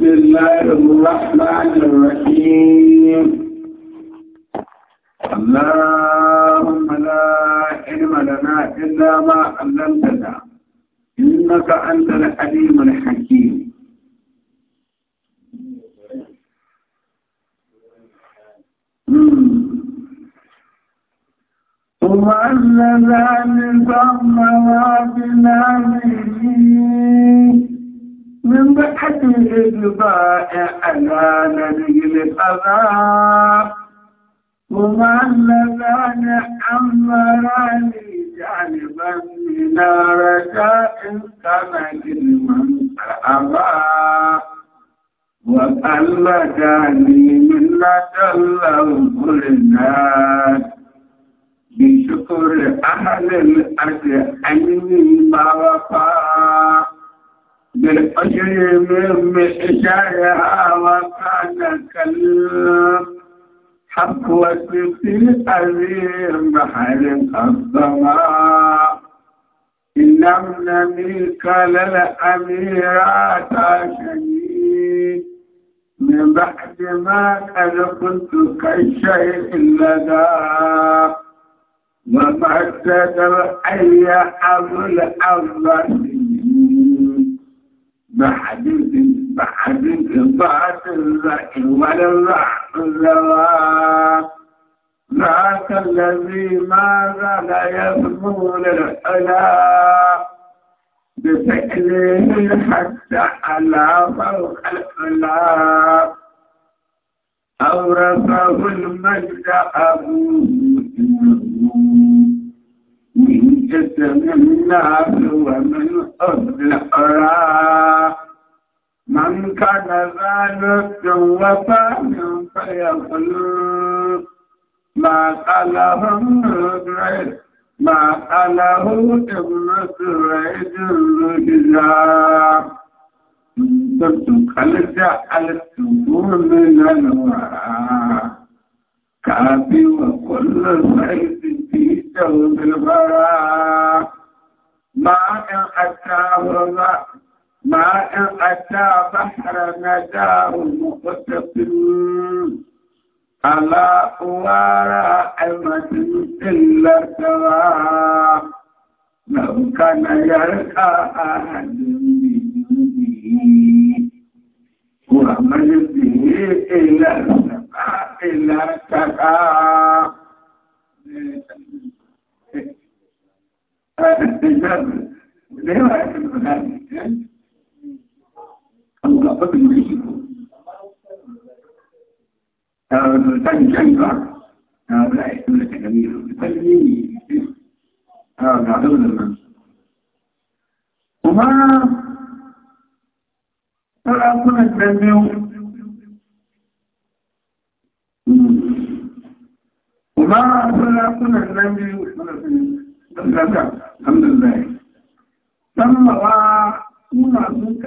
بسم الله الرحمن الرحيم اللهم لا علم لنا إلا ما علمتنا إنك أنت الحليم الحكيم وعلى ذلك ما بنا به من بقعة الحزن بائع أنا نبي القضاء ومعلمان أمراني جانبا من رجاء كان من أبا وقل من لدل قلنا بشكر أهل الأرض أني ما وفى بالحجر من محجارها وكان كالله حفوة في الأذير محل السماء إن لم نملك للأميرات شيء من بعد ما قد قلت كالشيء لدى وما اقتدر أن حظ الأرض بحديث بحديث طاعة الله ولا الله ذاك الذي ما زال يبلغ للعلا بفعله حتى على فوق العلا أورثه المجد أبوه من جسم الناس ومن أرض الأرى كان ذلك وفاهم فيخلق ما قاله ابن ما قاله ابن سعيد خلجة على السبور من الوراء كافي وكل صيد في جوز البراء ما ان حتى الله ما إن أتى بحر نجار مقسط ألا أوارى أمة إلا الدواء لو كان يلقى أحد ومن به إلى السماء إلا ارتقى ليه Allah ba bin shi ta tan jan ba ta lai dole ta gami kalli ne ta ga không nan kuma sarakunan nan ne kuma sarakunan nan ne alhamdulillah dan ma suna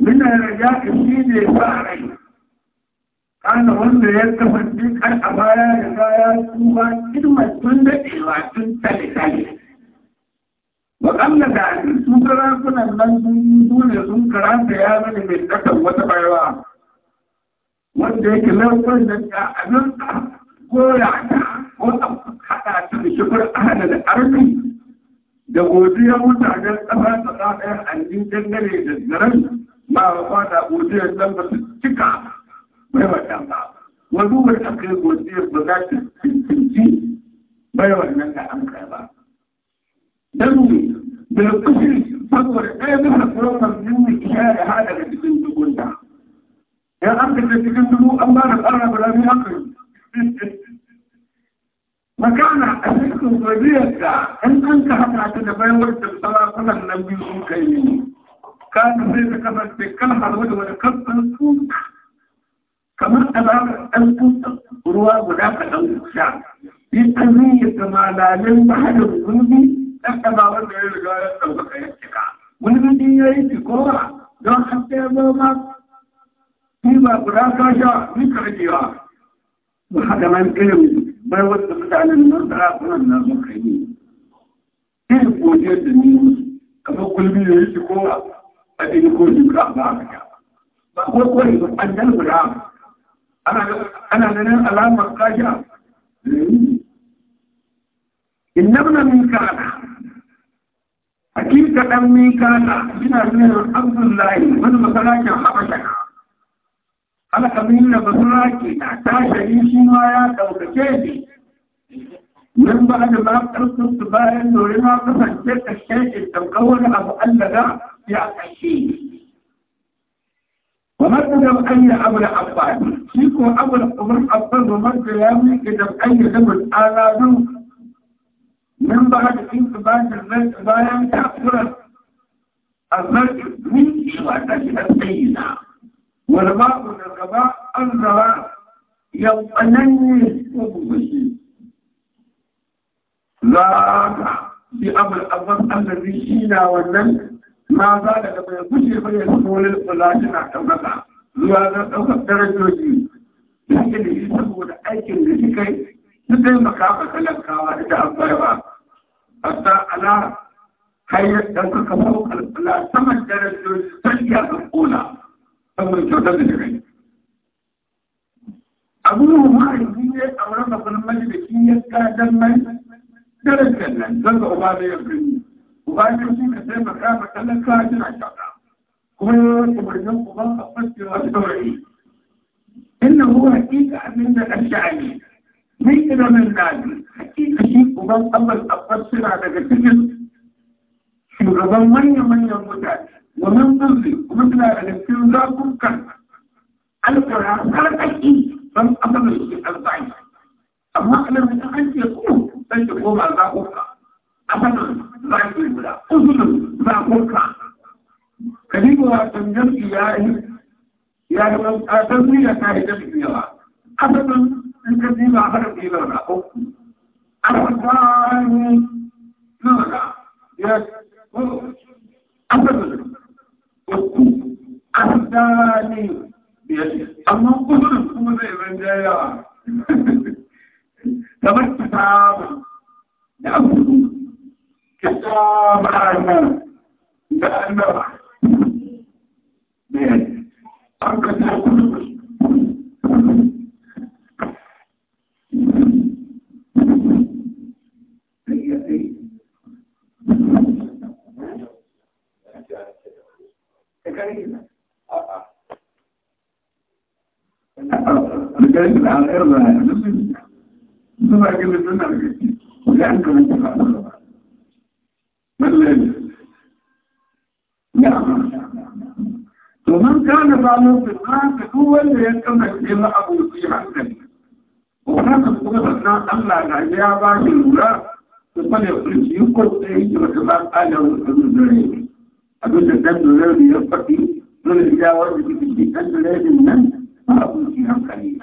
من الرجاء الشيء فاعل قال وند يتفدي كان أبايا يسايا سوبا كلمة تند إيوا تند تلي تلي وقال ذلك سوكرا كنا من دون سوكرا سيابا wanda تكتب وتبايوا وند يكلم كل أبن goya ta ko haɗa ta da shukar ahada da arzi da godiya mutanen ƙasa ta ɗaya yi dangane da zarar ما وقعت ودي الذنب تكع ما يوجد وذو الحقيق ودي بذات تنسي ما يوجد عنك يا دمي بالقشر فضل ايه نحن فرصة مني إشارة هذا الذي كنت قلتها يا أنت الذي كنت له أمانة أنا بلا مي أقل مكان أشكر قضيتك إن أنت حتى تنبين وقت الصلاة فنحن نبي سوكيني كان زي كذا بيتكلم على وجه القصة الفوز كمان أنا الفوز رواه ولا كلام شعر يتميز ما لا ينبح الذنوب أكما ولا يلقى الخير ونبدي يأتي كورا ده حتى ما فيما براك جاء ذكر وهذا ما يمكن ما يوصف على النظرة كلنا مخيمين كيف وجدني كما قلبي يأتي كورا أبي يقول يقرأ بابك فهو كويس أن الغرام أنا أنا لنا ألام القاجة إن ابن ميكانا أكيد كتم ميكانا جنا من الحمد لله من مسلاك حبشنا أنا كمين مسلاكي تاشري شمايا توقفيني من بعد ما أرسلت باين ولما قصد الشيء التمكون أبو ألغا shi ومرد جمعية أبو العباد شيكو أبو العباد ومرد يامي أي دم الآلام من بعد إن تبان الملك بايان تأخرت الملك من إغادة السيدة والباء والغباء الزراء يوطنني وبوشي لا في أبو العباد الذي شينا والنمس ma ba da bai kushe ba ya tsorin tsulashi na ɗaukaka zuwa zan ɗaukar darajoji da ilimi saboda aikin da shi kai su taimaka ma talakawa da abbaiwa hatta ala hayar ɗaukaka saukar tsula saman darajoji ta iya kan kula saboda kyautar da shi kai. abu ma'aiki ne a wurin mafi majalisi ya gadon mai darajar nan zan ga uba da ya وبعدين شيء مثل ما كان مثلا كاجل عشان كل مريم قضاء الصدق والتوحيد إنه هو حقيقة من الأشعري من إلى من نادي حقيقة شيء قضاء الله الأفسر على كتجل شو قضاء من من يموتات ومن ضلي ومثل الاسكين ذاكم كان القرآن على تحقيق لم أصل الشيء الضعيف أما أنا من أحد يقول أنت قوم على ذاكم أصلا باكيبلا أذن باكوكا كلمة تنجم إياه يا رب أتمنى لك هذا الدنيا أتمنى أن تجيب آخر الدنيا أرحمن نورا يا أتمنى أتمنى amma kusurin kuma zai ranja yawa kamar kitabu da abubuwa Ìjọba ìjọba ìjọba ìjọba ìjọba نعم. من نعم ومن كان ظالم في الناس هو اللي يتمك إلا أبو إيه، في حسن وهذا قدرنا الله لا يابا في الولاء فقال يخرج يقول سيدي وكما قال وكما دريد أبدا دم الذي يفتي من الجاوز في دم الذي من أبو في حسن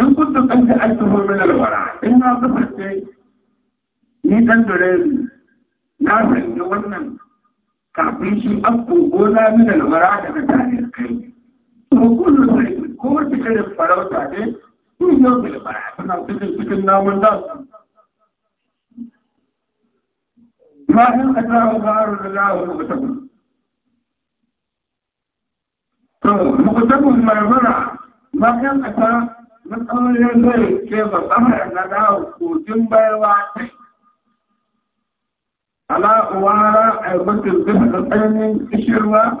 إن كنت قد جعلته من الورع إن أصبحت لي دم الذي na sanya wannan kafin shi afko gona mina lamara daga tarihin kai to kullu sai ko wata karin farauta ne ko yau bil bara suna cikin cikin namun da ma in atahu baru da lahu mutabun to mutabun mai bara ma in ata matsalolin zai ke ba tsamarin na dawo kogin baiwa kai ala uwara a bakin bisa da tsanin kishirwa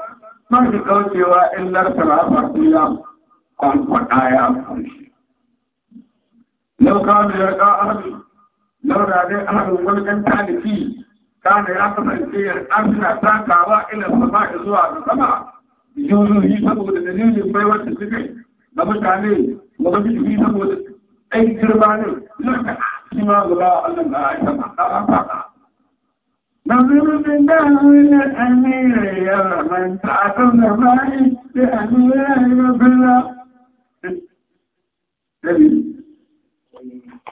mafi kaucewa illar sarrafa suya kwankwada ya kunshi. Lauka da yarda arzi, laura dai arzi wani talifi, kana ya kasance yarda ta kawa ilar sama zuwa ga sama, yoyoyi saboda dalilin baiwar da suke da mutane, wani jiki saboda ɗan girma ne, lokacin ma guda Allah na ya sama, ta نظر بالله الأمير يا من تعطل معي بأمير غفلا